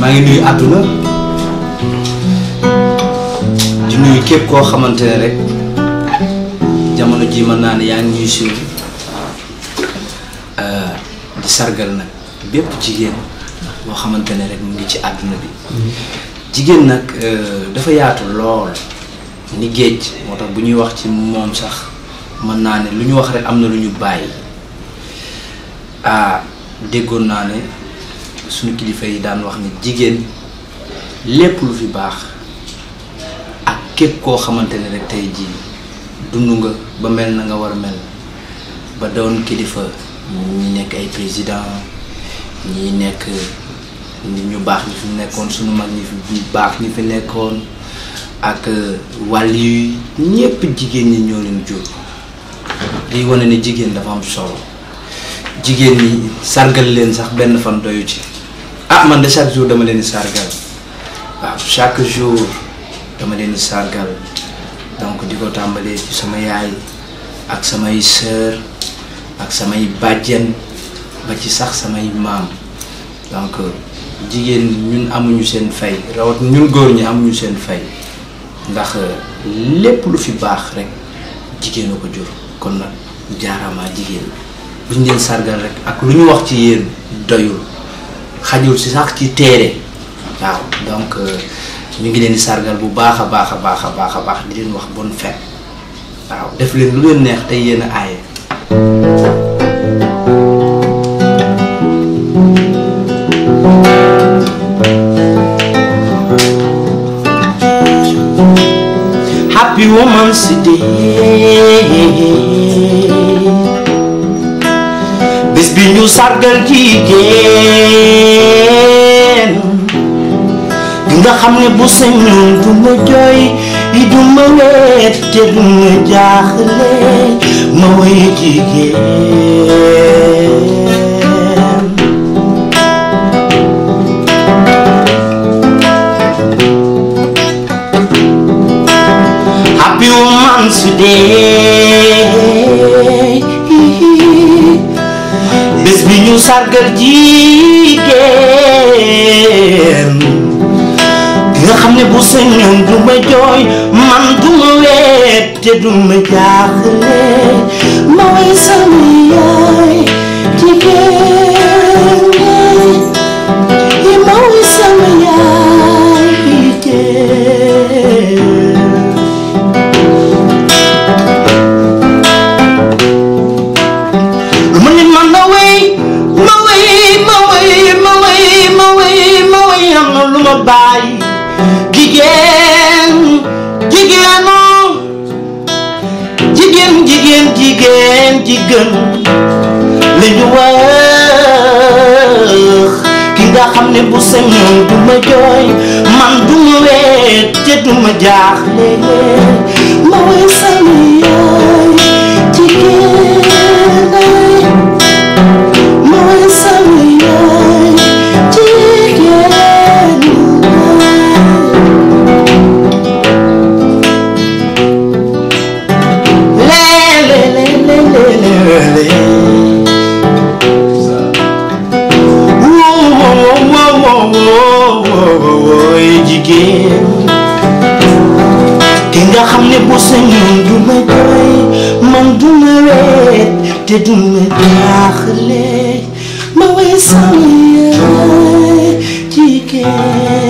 maa ngi nuyu àdduna di nuyu képp koo xamante ne rek jamono ji mën naa ne yaa ngi ñuy suivre euh, di sargal nag bépp jigéen boo xamante ne rek mu ngi ci àdduna bi jigéen nag euh, dafa yaatu lool ni géej moo tax bu ñuy wax ci moom sax mën naa ne lu ñu wax rek am na lu ñu bàyyi ah déggoon naa ne suñu kilifa yi daan wax ni jigéen lépp lu fi baax ak képp koo xamante ne rek tey jii dund nga ba mel na nga war a mel ba doon kilifa ñi nekk ay président ñu nekk nit ñu baax ñu fi nekkoon suñu mag ñi fi baax ñu fi nekkoon ak euh, wàll yu ñépp jigéen ñi ñoo leen jur liy wane ni jigéen dafa am solo jigéen ñi sargal leen sax benn fan doyu Ah, man de chaque jour dama leen di sargal waaw chaque jour dama leen di sargal donc di ko tàmbalee ci sama yaay ak samay sœur ak samay bàjjen ba ci sax samay maam donc jigéen ñun amuñu seen fay rawat ñun góor ñi amuñu seen fay ndax lépp lu fi baax rek jigéen ko jur kon nag jaaraama jigéen buñ leen sargal rek ak lu ñu wax ci yéen doyul xajul si sax ci téere waaw donc euh, ñu ngi leen sargal bu baax a baax a baax a baax a baax di leen wax bonne fête waaw def leen lu leen neex tey yéen a aaye sargal jigéen nga bu du ma du ma te du ma ma happy woman today sargal jigéen nga xam ne bu sañoon du ma jooy man du ma weet te du ma jaaxle ma way sama yaay jigéen jigéen jigéenu jigéen jigéen jigéen jigéen la ñu wax ki ne bu sañoon du ma man du ma weet te du ma jaaxle ma xamné ne bu sañoon du ma jooy man du ma te du ma jaaxle ma way sama yaay